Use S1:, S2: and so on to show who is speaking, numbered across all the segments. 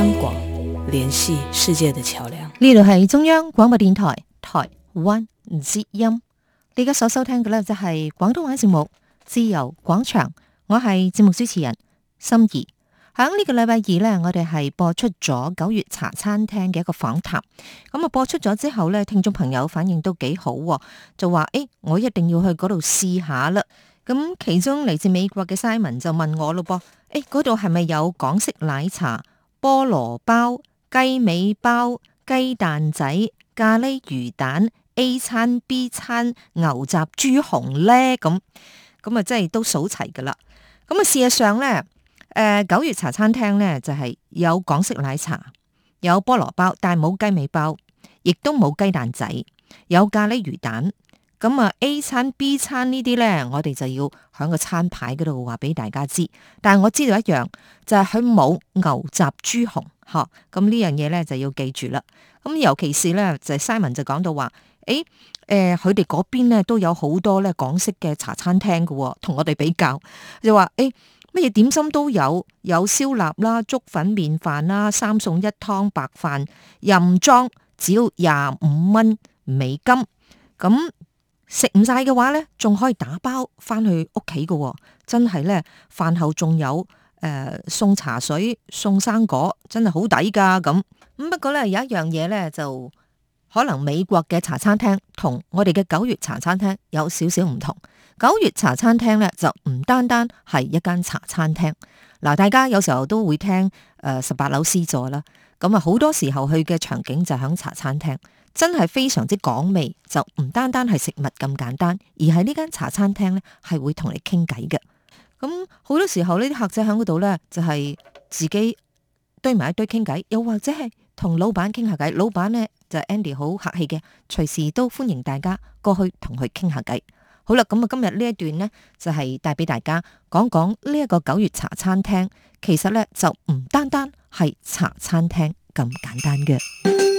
S1: 香港聯繫世界的橋梁呢度係中央廣播電台台灣之音，你而家所收聽嘅呢，就係廣東話節目《自由廣場》我節，我係節目主持人心儀。喺呢個禮拜二呢，我哋係播出咗九月茶餐廳嘅一個訪談。咁啊，播出咗之後呢，聽眾朋友反應都幾好，就話誒、欸，我一定要去嗰度試下啦。咁其中嚟自美國嘅 Simon 就問我咯噃，誒、欸，嗰度係咪有港式奶茶？菠蘿包、雞尾包、雞蛋仔、咖喱魚蛋、A 餐、B 餐、牛雜豬紅咧，咁咁啊，即係都數齊噶啦。咁啊，事實上咧，誒、呃，九月茶餐廳咧就係、是、有港式奶茶，有菠蘿包，但係冇雞尾包，亦都冇雞蛋仔，有咖喱魚蛋。咁啊，A 餐 B 餐呢啲咧，我哋就要響個餐牌嗰度話俾大家知。但係我知道一樣就係佢冇牛雜豬紅吓，咁呢樣嘢咧就要記住啦。咁尤其是咧就是、Simon 就講到話，誒、欸、誒，佢哋嗰邊咧都有好多咧港式嘅茶餐廳噶，同我哋比較，就話誒乜嘢點心都有，有燒臘啦、粥粉麵飯啦、三餸一湯、白飯、任裝，只要廿五蚊美金咁。食唔晒嘅話呢，仲可以打包翻去屋企噶，真係呢，飯後仲有誒送茶水、送生果，真係好抵噶咁。咁不過呢，有一樣嘢呢，就可能美國嘅茶餐廳同我哋嘅九月茶餐廳有少少唔同。九月茶餐廳呢，就唔單單係一間茶餐廳。嗱，大家有時候都會聽誒十八樓 C 座啦，咁啊好多時候去嘅場景就喺茶餐廳。真係非常之港味，就唔單單係食物咁簡單，而係呢間茶餐廳呢係會同你傾偈嘅。咁好多時候呢啲客仔喺嗰度呢，就係、是、自己堆埋一堆傾偈，又或者係同老闆傾下偈。老闆呢，就是、Andy 好客氣嘅，隨時都歡迎大家過去同佢傾下偈。好啦，咁啊今日呢一段呢，就係、是、帶俾大家講講呢一個九月茶餐廳，其實呢，就唔單單係茶餐廳咁簡單嘅。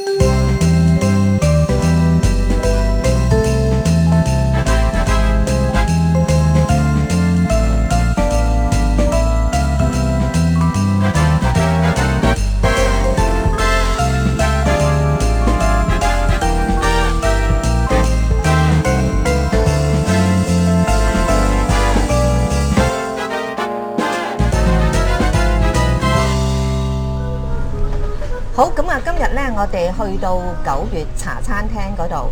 S1: 即係我哋去到九月茶餐廳嗰度。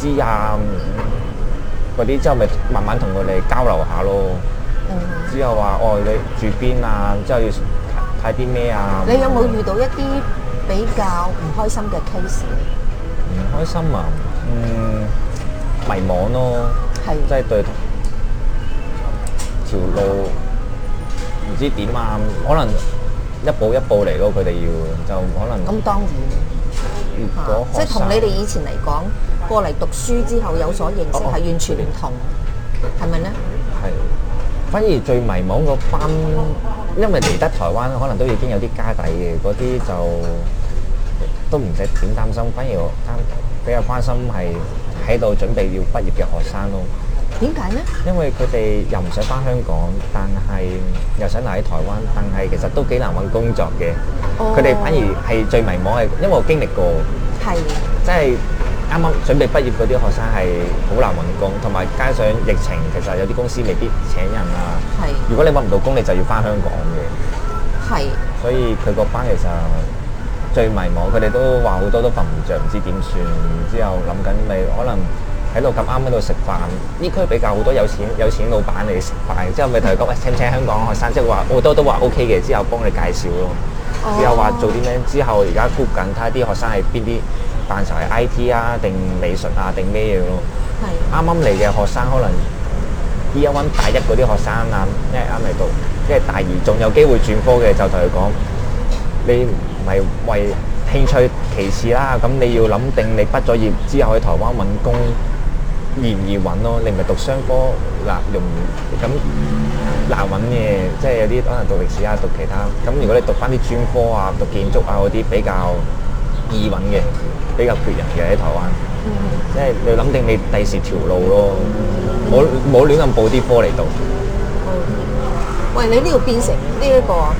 S2: 知啊，嗰啲之後咪慢慢同佢哋交流下咯。之後話：哦，你住邊啊？之後要睇啲咩啊？你有
S1: 冇遇到一啲比較唔開心嘅 case？
S2: 唔開心啊？嗯，迷惘咯，係即係對條路唔知點啊，可能一步一步嚟咯。佢哋要就可能咁當然，如果即係同你哋以
S1: 前嚟講。過嚟讀書之後有所認識，係完全唔同，係咪咧？
S2: 係，反而最迷茫個班，因為嚟得台灣，可能都已經有啲家底嘅嗰啲就都唔使點擔心。反而我啱比較關心係喺度準備要畢業嘅學生咯。點解咧？因為佢哋又唔想翻香港，但係又想留喺台灣，但係其實都幾難揾工作嘅。
S1: 佢哋反
S2: 而係最迷茫，係因為我經歷過，係即係。啱啱準備畢業嗰啲學生係好難揾工，同埋加上疫情，其實有啲公司未必請人啊。係是。如果你揾唔到工，你就要返香港嘅。
S1: 係是。
S2: 所以佢個班其實最迷茫，佢哋都話好多都瞓唔着，唔知點算。之後諗緊咪可能喺度咁啱喺度食飯，呢區比較好多有錢有錢老闆嚟食飯。之後咪同佢講，喂，請唔請香港學生？即係話好多都話 OK 嘅。之後幫你介紹
S3: 咯。之後話、嗯、
S2: 做啲咩？之後而家 group 緊睇下啲學生係邊啲。範疇係 I.T. 啊，定美術啊，定咩嘢咯？啱啱嚟嘅學生，可能依一溫大一嗰啲學生啊，因為啱嚟讀，一係大二仲有機會轉科嘅，就同佢講：你唔係為興趣歧視啦，咁你要諗定你畢咗業之後去台灣揾工易唔易揾咯？你唔係讀商科難，容咁難揾嘅，即係有啲可能讀歷史啊，讀其他咁。如果你讀翻啲專科啊，讀建築啊嗰啲比較易揾嘅。比較缺人嘅喺台灣，即係你諗定你第時條路咯，冇冇亂咁報啲科嚟讀。
S1: 喂，你呢度變成呢一個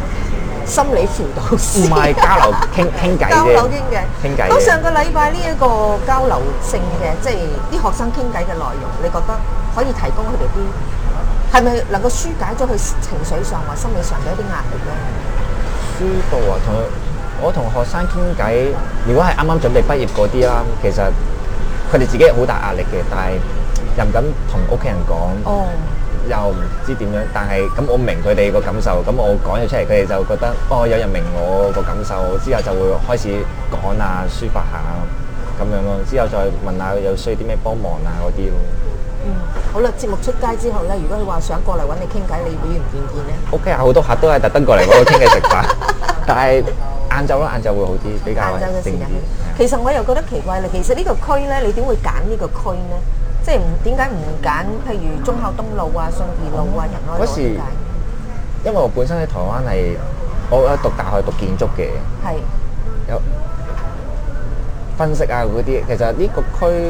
S1: 心理輔導
S2: 師交流傾傾偈嘅，交流傾嘅傾偈。咁上個
S1: 禮拜呢一個交流性嘅，即係啲學生傾偈嘅內容，你覺得可以提供佢哋啲係咪能夠疏解咗佢情緒上或心理上嘅一啲壓力咧？
S2: 舒到啊，同佢。我同學生傾偈，如果係啱啱準備畢業嗰啲啦，其實佢哋自己好大壓力嘅，但係又唔敢同屋企人講，又唔知點樣。但係咁，我明佢哋個感受，咁我講咗出嚟，佢哋就覺得哦，有人明我個感受之後，就會開始講啊，抒發下咁樣咯。之後再問下有需要啲咩幫忙啊嗰啲咯。嗯，
S1: 好啦，節目出街之後咧，如果佢話想過嚟揾你傾偈，你會唔會見見
S2: 咧？屋企有好多客都係特登過嚟揾我傾偈食飯，但係。晏晝啦，晏晝會好啲，比較定啲。其實
S1: 我又覺得奇怪啦，其實呢個區咧，你點會揀呢個區咧？即係唔點解唔揀譬如忠孝東路啊、信義路啊、人來路咁
S2: 解？因為我本身喺台灣係，我喺讀大學讀建築嘅，係有分析啊嗰啲。其實呢個區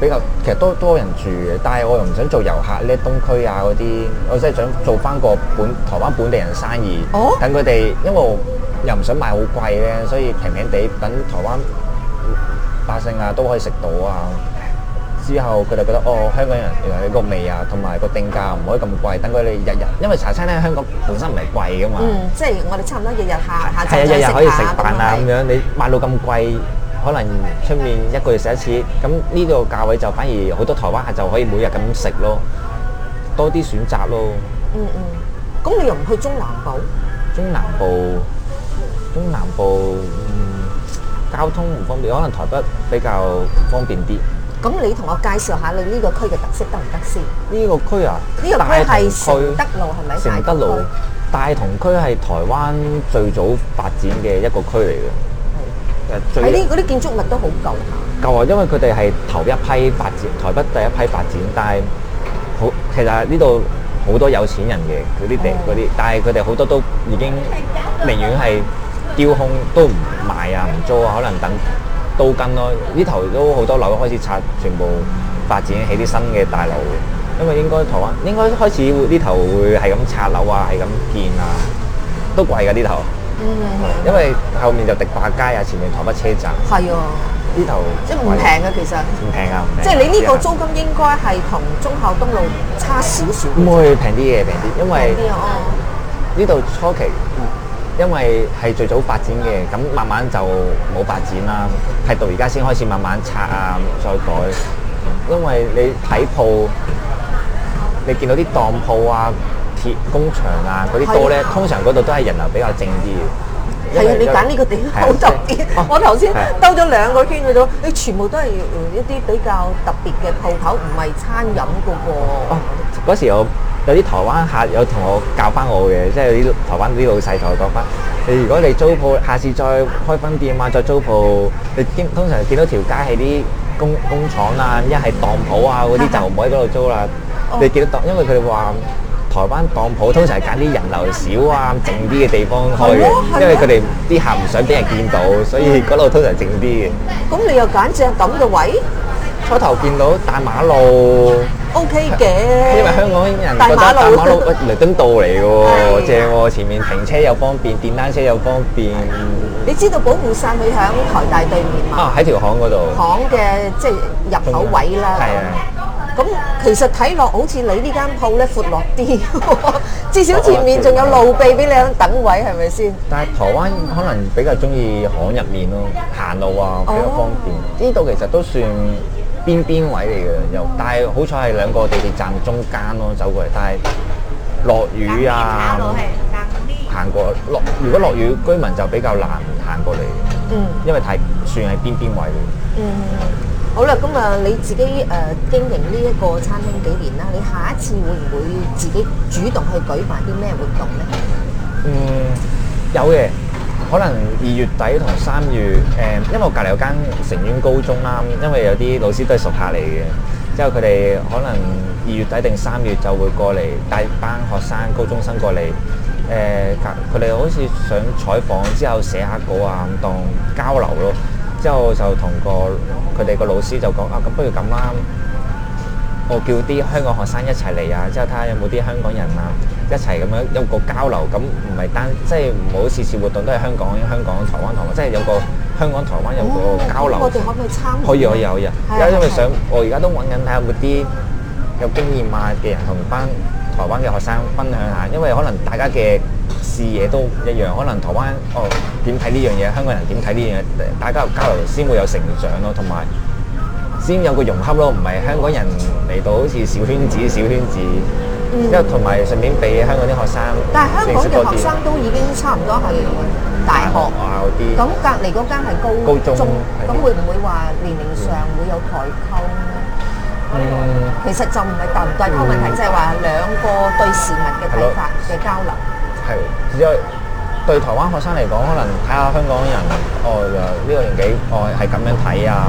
S2: 比較其實都多人住嘅，但係我又唔想做遊客咧，東區啊嗰啲，我真係想做翻個本台灣本地人生意。哦，等佢哋，因為我。又唔想賣好貴咧，所以平平地等台灣百姓啊都可以食到啊。之後佢就覺得哦，香港人原來有個味啊，同埋個定價唔可以咁貴，等佢哋日日因為茶餐廳香港本身唔係貴噶嘛，嗯、就
S1: 是嗯，嗯，即係我哋差唔多日日下下可以食飯
S2: 啊咁樣，你賣到咁貴，可能出面一個月食一次，咁呢個價位就反而好多台灣客就可以每日咁食咯，多啲選擇咯。嗯嗯，
S1: 咁你又唔去中南部？
S2: 中南部。東南部、嗯、交通唔方便，可能台北比較方便啲。
S1: 咁你同我介紹下你呢個區嘅特色得唔得先？
S2: 呢個區啊，呢個個區承德
S1: 路係咪？承德路
S2: 大同區係台灣最早發展嘅一個區嚟嘅。係的。誒最一。係啲嗰啲
S1: 建築物都好舊下、啊。
S2: 舊啊，因為佢哋係頭一批發展，台北第一批發展，但係好其實呢度好多有錢人嘅嗰啲地嗰啲的，但係佢哋好多都已經寧願係。丟空都唔賣啊，唔租啊，可能等刀根咯。呢頭都好多樓開始拆，全部發展起啲新嘅大樓。因為應該台灣應該開始會呢頭會係咁拆樓啊，係咁建啊，都貴㗎呢頭。嗯，嗯，因為後面就迪化街啊，前面台北車站。係
S1: 的啊。呢
S2: 頭即係唔平嘅其實。唔平啊！唔平，啊。即係你呢個租
S1: 金應該係同忠孝東路差
S2: 少少。唔會平啲嘢，平啲，因為呢度初期。因為係最早發展嘅，咁慢慢就冇發展啦。係到而家先開始慢慢拆啊，再改。因為你睇鋪，你見到啲當鋪啊、鐵工場啊嗰啲多咧，呢的通常嗰度都係人流比較靜啲
S1: 嘅。係啊，你揀呢個地方好特別。我頭先兜咗兩個圈嗰度，的你全部都係一啲比較特別嘅鋪頭，唔係餐飲嘅喎、那個。
S2: 嗰、啊、時我。有啲台灣客有同我教翻我嘅，即係啲台灣啲老細同我講翻：你如果你租鋪，下次再開分店啊，再租鋪，你經通常見到條街係啲工工廠啊，一係當鋪啊嗰啲就唔好喺嗰度租啦。你見到當，因為佢哋話台灣當鋪通常係揀啲人流少啊靜啲嘅地方開嘅，因為佢哋啲客唔想俾人見到，所以嗰度通常靜啲嘅。
S1: 咁你又揀隻咁嘅位？
S2: 初頭見到大馬路。
S1: O K 嘅，因為香港人覺得大馬路，
S2: 喂，倫敦道嚟嘅喎，正喎，前面停車又方便，電單車又方便。
S1: 你知道保護傘佢喺台大對面嘛？啊，
S2: 喺條巷嗰度。巷
S1: 嘅即係入口位啦。係啊。咁其實睇落好似你呢間鋪咧闊落啲，
S2: 至少前面仲有路
S1: 地俾你等位，係咪先？
S2: 但係台灣可能比較中意巷入面咯，行路啊比較方便。呢度其實都算。邊邊位嚟嘅，又但係好彩係兩個地鐵站中間咯，走過嚟。但係落雨啊，行過落，如果落雨，居民就比較難行過嚟。嗯，因為太算係邊邊位。嗯，
S1: 好啦，咁啊，你自己誒、呃、經營呢一個餐廳幾年啦？你下一次會唔會自己主動去舉辦啲咩活動咧？嗯，
S2: 有嘅。可能二月底同三月，誒、呃，因為我隔離有間成淵高中啦，因為有啲老師都係熟客嚟嘅，之後佢哋可能二月底定三月就會過嚟帶班學生高中生過嚟，誒、呃，佢哋好似想採訪之後寫下稿啊，當交流咯，之後就同個佢哋個老師就講啊，咁不如咁啦。我叫啲香港學生一齊嚟啊！之後睇下有冇啲香港人啊，一齊咁樣有個交流，咁唔係單即係唔好次次活動都係香港、香港、台灣、台灣，即係有個香港、台灣有個交流。哦、我哋可
S1: 唔可以參可以？可以可以可以
S2: 啊！而家因為想，的我而家都揾緊睇下有冇啲有，有經驗啊嘅人同翻台灣嘅學生分享下，因為可能大家嘅視野都一樣，可能台灣哦點睇呢樣嘢，香港人點睇呢樣嘢，大家有交流先會有成長咯，同埋。先有個融洽咯，唔係香港人嚟到好似小圈子小圈子，因為同埋順便俾香港啲學生。但係香港嘅學生
S1: 都已經差唔多係大學
S2: 啊，啲咁隔
S1: 離嗰間係高中，咁會唔會話年齡上會有代溝咧？
S2: 嗯，
S1: 其實就唔係代唔代溝問題，即係話兩個對事物嘅睇法嘅交流。
S2: 係，因為對台灣學生嚟講，可能睇下香港人哦，呢個年紀哦係咁樣睇啊。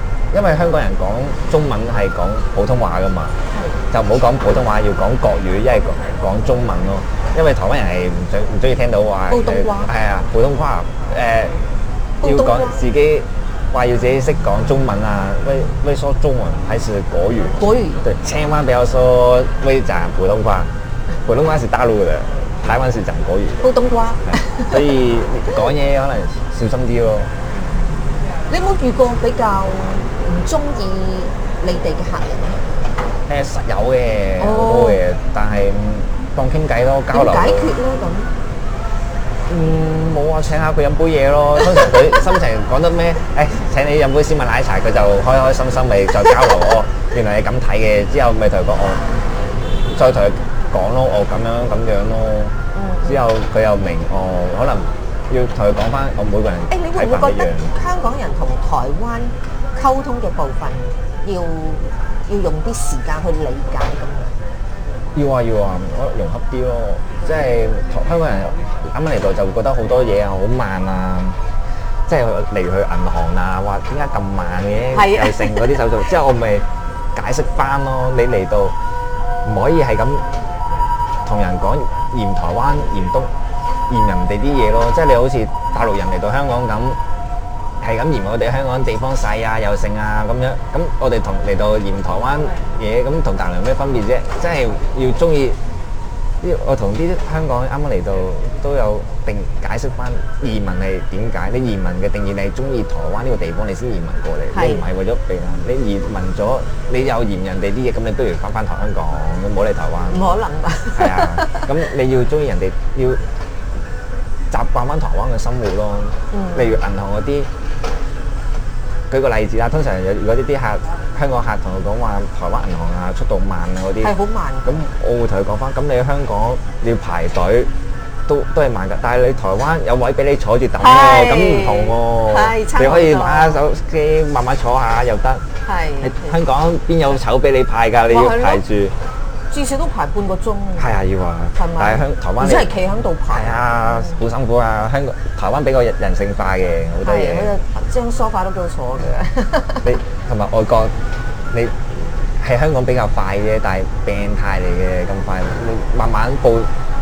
S2: 因為香港人講中文係講普通話㗎嘛，就唔好講普通話，要講國語，因為講中文咯。因為台灣人係唔想唔中意聽到話，係啊、呃，普通話誒，呃、普通話要講自己話要自己識講中文啊，喂喂說中文，還是果語？國語如對，千萬不要說威讚普通話，普通話是大陸嘅。台灣是講國語。普通話， 所以講嘢可能小心啲咯。
S1: 你冇遇過比較？ 唔中意你哋
S2: 嘅客人咩？實有嘅，但係當傾偈咯，交流。要解決咧咁，嗯，冇啊，請下佢飲杯嘢咯。通常佢心情講得咩？誒，請你飲杯絲襪奶茶，佢就開開心心咪再交流哦。原來你咁睇嘅，之後咪同佢講哦，再同佢講咯哦，咁樣咁樣咯。之後佢又明哦，可能要同佢講翻我每個人。誒，你會唔會覺得
S1: 香港人同台灣？溝通嘅部分要要用啲時間去理解咁
S2: 樣。要啊，要啊，我融洽啲咯，即係香港人啱啱嚟到就會覺得好多嘢啊，好慢啊，即係例如去銀行啊，話點解咁慢嘅，又成嗰啲手續，即係我咪解釋翻咯。你嚟到唔可以係咁同人講嫌台灣嫌東嫌人哋啲嘢咯，即係你好似大陸人嚟到香港咁。係咁，嫌我哋香港地方細啊，又剩啊咁樣。咁我哋同嚟到嫌台灣嘢，咁同大陸有咩分別啫？即係要中意啲。我同啲香港啱啱嚟到都有定解釋翻移民係點解你移民嘅定義。你中意台灣呢個地方，你先移民過嚟。你唔係為咗避難你移民咗，你又嫌人哋啲嘢，咁你不如翻返台香港，唔好嚟台灣。唔
S1: 可能啊！係啊，
S2: 咁你要中意人哋，要習慣翻台灣嘅生活
S1: 咯。例
S2: 如銀行嗰啲。舉個例子啊，通常有如果呢啲客香港客同佢講話，台灣銀行啊速度慢啊嗰啲，係好慢。咁我會同佢講翻，咁你香港你要排隊，都都係慢噶。但係你台灣有位俾你坐住等喎，咁唔是同喎。你可以買下手機慢慢坐下又得。
S1: 係。
S2: 香港邊有籌俾你排㗎？你要排住。
S1: 至少都排半個鐘，係啊
S2: 要啊，嗎但係香台灣，而且係企
S1: 喺度排，係
S2: 啊好、嗯、辛苦啊！香港，台灣比較人性化嘅好多嘢，
S1: 張梳化都俾我坐嘅。
S2: 你同埋外國，你喺香港比較快啫，但係病態嚟嘅咁快，你慢慢步，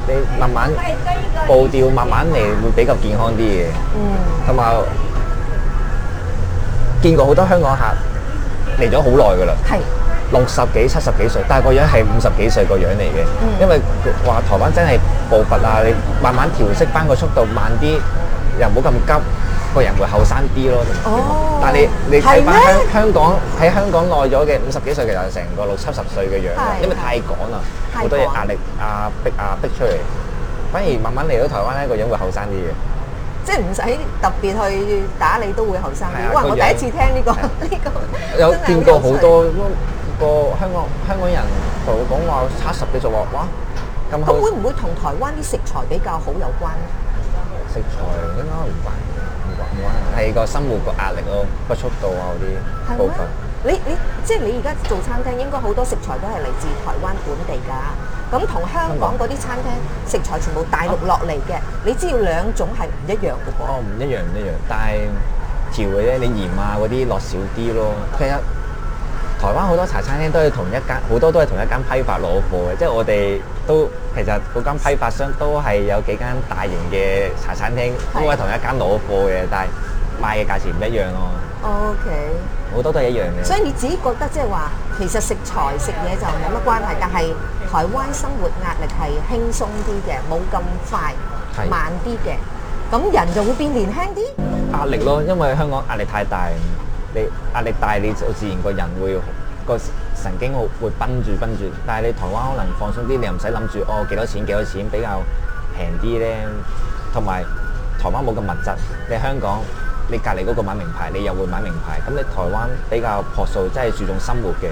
S2: 你慢慢
S3: 步調慢慢嚟
S2: 會比較健康啲嘅。
S1: 嗯，
S2: 同埋見過好多香港客嚟咗好耐㗎啦。係。六十幾、七十幾歲，但係個樣係五十幾歲個樣嚟嘅，因為話台灣真係步伐啊，你慢慢調適翻個速度慢啲，又唔好咁急，個人會後生啲咯。哦，但係你你睇翻香香港喺香港耐咗嘅五十幾歲，其實成個六七十歲嘅樣，因為太趕啦，好多嘢壓力啊，逼啊逼出嚟，反而慢慢嚟到台灣咧，個樣會後生啲嘅。
S1: 即係唔使特別去打理都會後生。哇！我第一次聽呢個呢
S2: 個，有見過好多。個香港香港人同我講話差十幾，就話哇咁好。佢會唔會同台灣啲食材比較好有關？食材應該唔關唔關唔關。係個生活個壓力咯，個速度啊嗰啲。係啊嗎，你即
S1: 你即係你而家做餐廳，應該好多食材都係嚟自台灣本地㗎。咁同香港嗰啲餐廳港食材全部大陸落嚟嘅，啊、你只要兩種係唔一樣嘅噃。
S2: 啊、哦，唔一樣唔一樣，但係調嘅咧，你鹽啊嗰啲落少啲咯。第一、嗯。台灣好多茶餐廳都係同一間，好多都係同一間批發攞貨嘅，即係我哋都其實嗰間批發商都係有幾間大型嘅茶餐廳是都係同一間攞貨嘅，但係賣嘅價錢唔一樣咯。OK，好多都係一樣嘅。所以你
S1: 自己覺得即係話，其實食材食嘢就冇乜關係，但係台灣生活壓力係輕鬆啲嘅，冇咁快，
S2: 是慢
S1: 啲嘅，咁人就會變年輕啲。嗯、壓力咯，
S2: 因為香港壓力太大。你壓力大你就自然個人會個神經好會崩住崩住，但係你台灣可能放鬆啲，你又唔使諗住哦幾多錢幾多錢比較平啲咧，同埋台灣冇咁物質，你香港你隔離嗰個買名牌，你又會買名牌，咁你台灣比較樸素，真係注重生活嘅，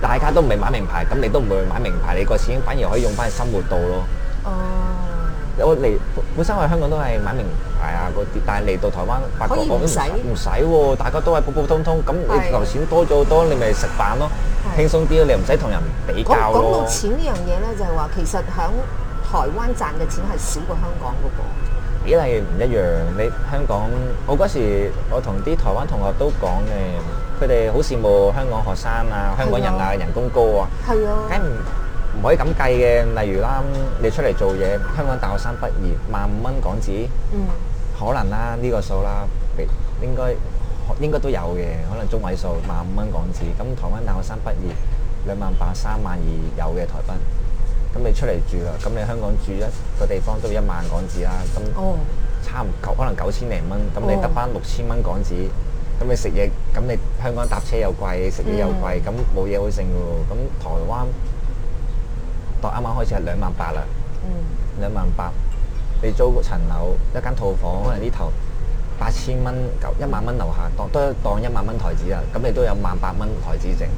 S2: 大家都唔係買名牌，咁你都唔會買名牌，你個錢反而可以用翻去生活度咯。哦。Oh. 我嚟本身我喺香港都係買名牌啊嗰啲，但係嚟到台灣八個角都唔使喎，大家都係普普通通。咁你留錢多咗好多，你咪食飯咯，輕鬆啲咯，你唔使同人比較咯。講到錢
S1: 呢樣嘢咧，就係話其實喺台灣賺嘅錢係少過香港噶噃。
S2: 嗰個比例唔一樣，你香港我嗰時我同啲台灣同學都講嘅，佢哋好羨慕香港學生啊，香港人啊，啊人工高啊。係啊。唔可以咁計嘅，例如啦，你出嚟做嘢，香港大學生畢業萬五蚊港紙，嗯、可能啦呢、呢個數啦，應應該應該都有嘅，可能中位數萬五蚊港紙。咁台灣大學生畢業兩萬八三萬二有嘅台幣，咁你出嚟住啦，咁你香港住一個地方都一萬港紙啦，咁差唔夠可能九千零蚊，咁你得返六千蚊港紙，咁你食嘢咁你香港搭車又貴，食嘢又貴，咁冇嘢好剩喎。咁台灣當啱啱開始係兩萬八啦，兩萬八，你租個層樓一間套房，可能呢頭八千蚊九一萬蚊樓下，當都當一萬蚊台紙啦。咁你都有萬八蚊台紙剩，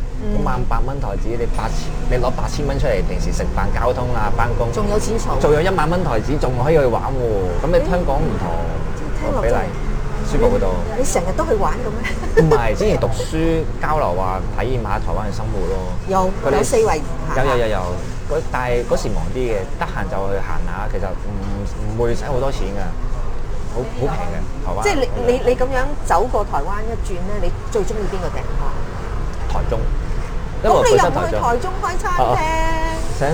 S2: 萬八蚊台紙你八，你攞八千蚊出嚟，平時食飯交通啦，返工，仲有錢儲，仲有一萬蚊台紙，仲可以去玩喎。咁你香港唔同，比例舒服好多。你成日都去玩咁咩？唔係，之前讀書交流啊，體驗下台灣嘅生活咯。有
S1: 有四圍有有有
S2: 有。嗰但係嗰時忙啲嘅，得閒就去行下，其實唔唔會使好多錢噶，好好平嘅台灣。即係你、嗯、你你
S1: 咁樣走過台灣一轉咧，你最中意邊個地方？
S2: 台中。咁你又唔去台中開
S1: 餐廳、
S2: 哦？想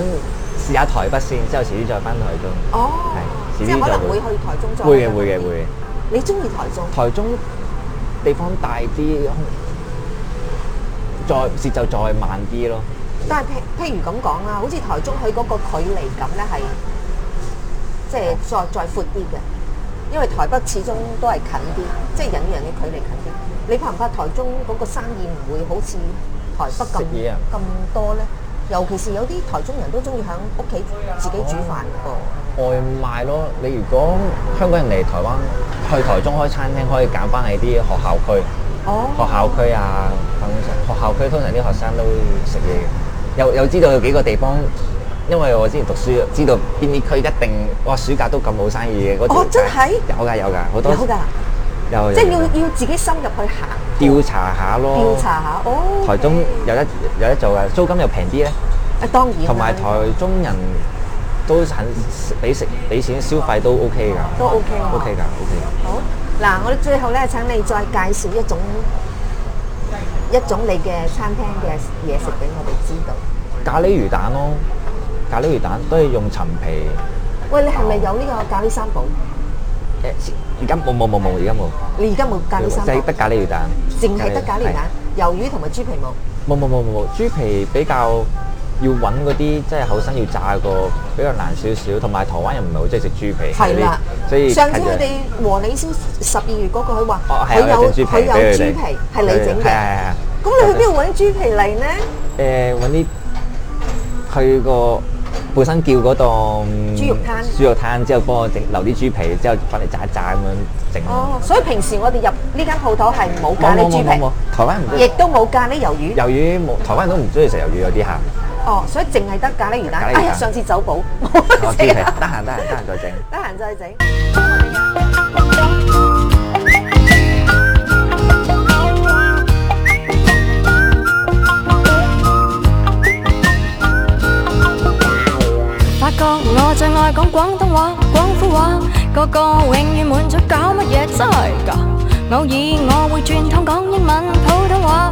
S2: 試下台北先，之後遲啲再返台中。哦。
S1: 係。即係可能會去台中再。會嘅
S2: 會嘅會嘅。
S1: 你中意台中？
S2: 台中，台中地方大啲，再節奏再，再慢啲咯。
S1: 但係譬譬如咁講啦，好似台中佢嗰個距離感咧係，即係再再闊啲嘅，因為台北始終都係近啲，即係人與人嘅距離近啲。你怕唔怕台中嗰個生意唔會好似台北咁咁、啊、多咧？尤其是有啲台中人都中意響屋企自己煮飯喎、
S2: 哦、外賣咯，你如果香港人嚟台灣去台中開餐廳，可以搞翻喺啲學校區，哦、學校區啊，辦公學校區通常啲學生都會食嘢嘅。又又知道有幾個地方，因為我之前讀書知道邊啲區一定，哇，暑假都咁冇生意嘅。那個、哦，真係有㗎有㗎，好多有㗎。即係要
S1: 的要自己深入去行
S2: 調查下咯。調查下哦。Okay、台中有得有得做㗎，租金又平啲咧。
S1: 啊當然。同埋台
S2: 中人都肯俾食俾錢消費都 OK 㗎、啊。都 OK、啊 okay。OK 㗎 okay, OK。好
S1: 嗱，我哋最後咧請你再介紹一種。一種你嘅餐廳嘅嘢食俾我哋知道咖、
S2: 哦，咖喱魚蛋咯，咖喱魚蛋都係用陳皮。
S1: 喂，你係咪有呢個咖喱三寶？
S2: 誒、哦，而家冇冇冇冇，而家冇。
S1: 你而家冇咖喱三寶，淨係得
S2: 咖喱魚蛋。淨係得咖喱魚蛋，
S1: 魷魚同埋豬皮冇。
S2: 冇冇冇冇，豬皮比較，要揾嗰啲即係後生要炸個比較難少少，同埋台灣人唔係好中意食豬皮，係啦，所以上次佢哋
S1: 和你先十二月嗰個佢話佢有佢有豬皮係你整嘅，咁你去邊度揾豬皮嚟呢？
S2: 誒，揾啲去個本身叫嗰檔豬肉攤，豬肉攤之後幫我整留啲豬皮，之後翻嚟炸一炸咁樣整。哦，
S1: 所以平時我哋入呢間鋪頭係冇咖喱豬皮，
S2: 台灣亦都
S1: 冇咖喱魷
S2: 魚，魷魚冇，台灣人都唔中意食魷魚，有啲客。
S1: 哦，所以淨係得咖喱魚蛋。哎呀，上次走寶，我知啊，
S2: 得閒得閒得
S1: 閒再整，得閒
S3: 再整。發覺我最愛講廣東話、廣府話，個個永遠滿足搞乜嘢真係㗎，偶爾我會轉通講英文、普通話。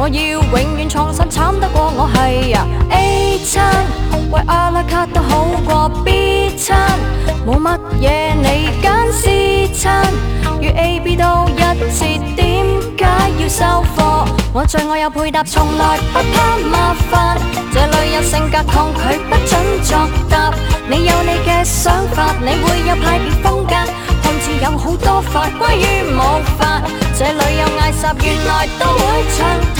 S3: 我要永遠創新，慘得過我係 A 餐，為阿拉卡都好過 B 餐，冇乜嘢你揀 C 餐，與 A B 都一致點解要收貨？我最愛有配搭，從來不怕麻煩。這裏有性格抗拒，不准作答。你有你嘅想法，你會有派別風格，看似有好多法歸於無法。這裏有藝術，原來都會唱。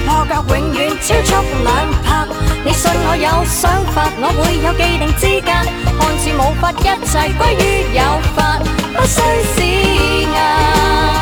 S3: 破格永遠超出兩拍，你信我有想法，我會有既定之間，看似無法一切歸於有法，不需施壓。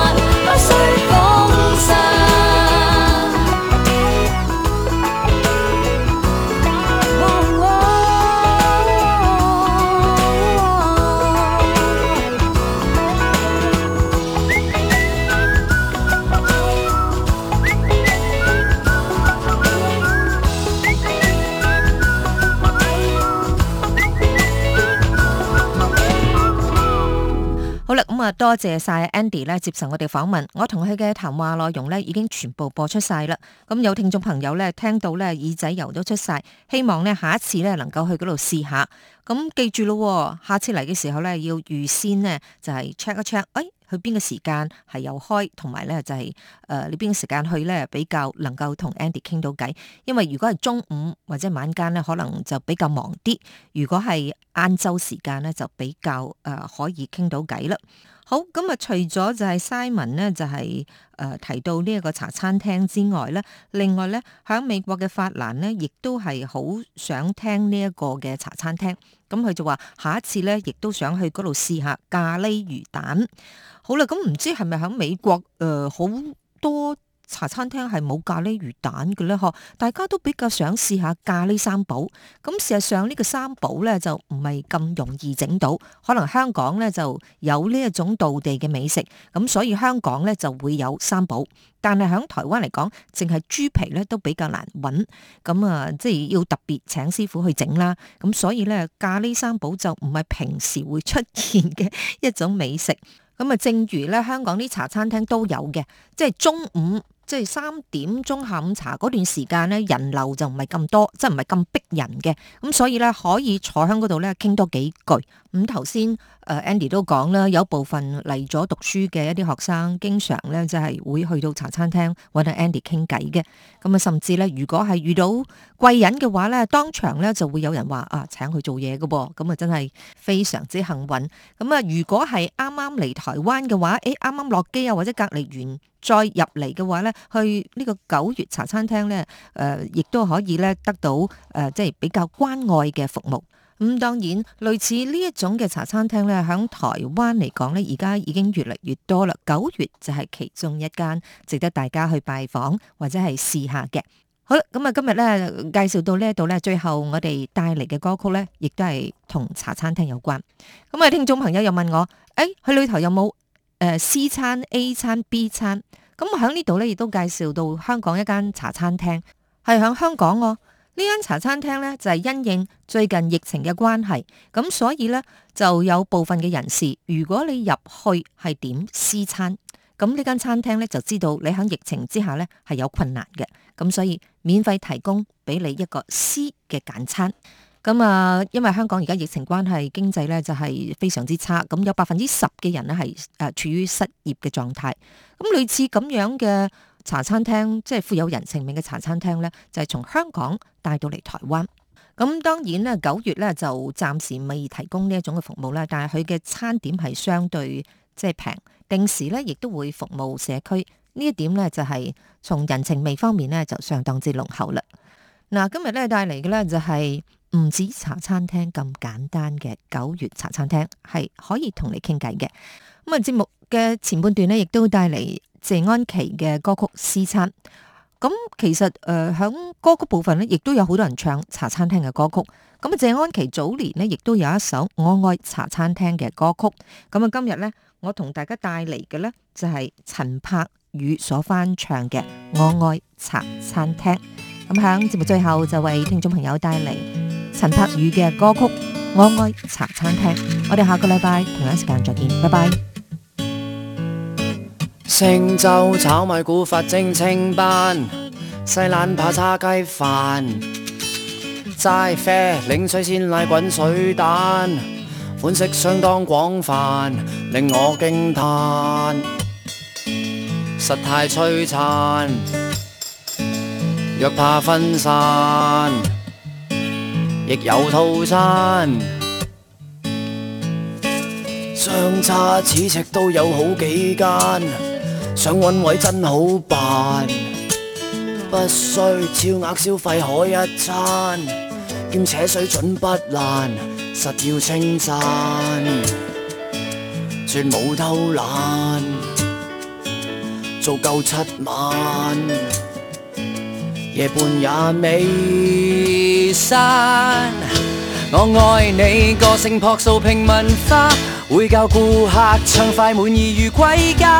S1: 多謝晒 Andy 咧，接受我哋訪問，我同佢嘅談話內容咧已經全部播出晒啦。咁有聽眾朋友咧聽到咧耳仔油都出晒，希望咧下一次咧能夠去嗰度試下。咁記住咯，下次嚟嘅時候咧要預先咧就係 check 一 check，哎。去邊個時間係有開，同埋咧就係、是、誒、呃、你邊個時間去咧比較能夠同 Andy 傾到偈？因為如果係中午或者晚間咧，可能就比較忙啲；如果係晏晝時間咧，就比較誒、呃、可以傾到偈啦。好，咁啊！除咗就係 Simon 咧，就係、是、誒、呃、提到呢一個茶餐廳之外咧，另外咧喺美國嘅法蘭咧，亦都係好想聽呢一個嘅茶餐廳。咁、嗯、佢就話下一次咧，亦都想去嗰度試下咖喱魚蛋。好啦，咁、嗯、唔知係咪喺美國誒好、呃、多？茶餐廳係冇咖喱魚蛋嘅咧，嗬！大家都比較想試下咖喱三寶。咁事實上呢個三寶咧就唔係咁容易整到，可能香港咧就有呢一種道地嘅美食，咁所以香港咧就會有三寶。但係喺台灣嚟講，淨係豬皮咧都比較難揾，咁啊即係要特別請師傅去整啦。咁所以咧咖喱三寶就唔係平時會出現嘅一種美食。咁啊，正如咧香港啲茶餐廳都有嘅，即係中午。即係三點鐘下午茶嗰段時間呢，人流就唔係咁多，即係唔係咁逼人嘅，咁所以呢，可以坐喺嗰度呢傾多幾句。咁頭先誒 Andy 都講啦，有部分嚟咗讀書嘅一啲學生，經常呢即係會去到茶餐廳搵阿 Andy 傾偈嘅。咁啊，甚至呢，如果係遇到貴人嘅話呢，當場呢就會有人話啊，請佢做嘢嘅噃。咁啊，真係非常之幸運。咁啊，如果係啱啱嚟台灣嘅話，誒啱啱落機啊，或者隔離完。再入嚟嘅話咧，去呢個九月茶餐廳咧，誒、呃，亦都可以咧得到誒、呃，即係比較關愛嘅服務。咁、嗯、當然，類似呢一種嘅茶餐廳咧，喺台灣嚟講咧，而家已經越嚟越多啦。九月就係其中一間，值得大家去拜訪或者係試下嘅。好啦，咁啊，今日咧介紹到呢一度咧，最後我哋帶嚟嘅歌曲咧，亦都係同茶餐廳有關。咁、嗯、啊，聽眾朋友又問我，誒、哎，佢裏頭有冇？誒，C 餐、A 餐、B 餐，咁喺呢度咧，亦都介紹到香港一間茶餐廳，係喺香港哦。呢間茶餐廳咧，就係因應最近疫情嘅關係，咁所以咧就有部分嘅人士，如果你入去係點 C 餐，咁呢間餐廳咧就知道你喺疫情之下咧係有困難嘅，咁所以免費提供俾你一個 C 嘅簡餐。咁啊，因為香港而家疫情關係，經濟咧就係非常之差。咁有百分之十嘅人咧係誒處於失業嘅狀態。咁類似咁樣嘅茶餐廳，即係富有人情味嘅茶餐廳呢，就係從香港帶到嚟台灣。咁當然咧，九月呢就暫時未提供呢一種嘅服務啦。但係佢嘅餐點係相對即係平，定時呢亦都會服務社區。呢一點呢，就係從人情味方面呢，就相當之濃厚啦。嗱，今日咧帶嚟嘅咧就係唔止茶餐廳咁簡單嘅九月茶餐廳，係可以同你傾偈嘅。咁啊節目嘅前半段呢，亦都帶嚟謝安琪嘅歌曲《私餐》。咁其實誒響歌曲部分呢，亦都有好多人唱茶餐廳嘅歌曲。咁啊謝安琪早年呢，亦都有一首《我愛茶餐廳》嘅歌曲。咁啊今日呢，我同大家帶嚟嘅呢，就係陳柏宇所翻唱嘅《我愛茶餐廳》。咁喺節目最後就為聽眾朋友帶嚟陳柏宇嘅歌曲《我愛茶餐廳》。我哋下個禮拜同一時間再見，拜拜。
S4: 星洲炒米，古法蒸青斑，西冷扒、叉雞飯，齋啡，檸水、鮮奶滾水蛋，款式相當廣泛，令我驚嘆，實太璀璨。若怕分散，亦有套餐。相差咫尺都有好幾間，想揾位真好辦。不需超額消費可一餐，兼且水準不爛，實要稱讚。算冇偷懶，做夠七晚。夜半也未閂，我愛你個性樸素平民化，會教顧客暢快滿意如歸家。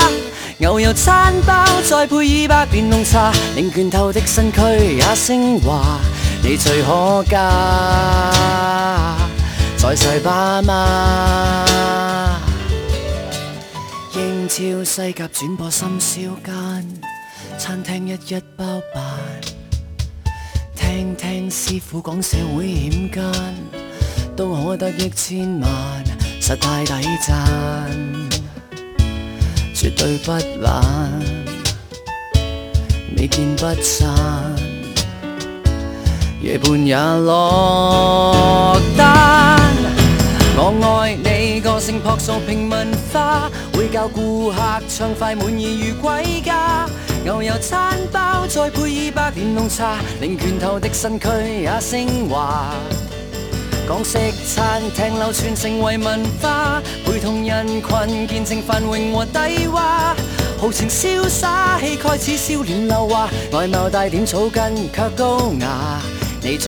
S4: 牛油餐包再配以杯凍茶，令倦透的身軀也升華。你最可嘉，在世爸媽。英超西甲轉播深宵間，餐廳一一包辦。聽聽師傅講社會險奸，都可得益千萬，實太抵讚。絕對不懶，未見不散，夜半也落單。 我愛你個性樸素平民化，會教顧客暢快滿意如歸家。牛油餐包，再配以杯濃茶，令拳頭的身軀也升華。港式餐廳流傳成為文化，陪同人群見證繁榮和低洼。豪
S3: 情瀟灑，氣概似少年劉華，外貌帶點草根卻高雅。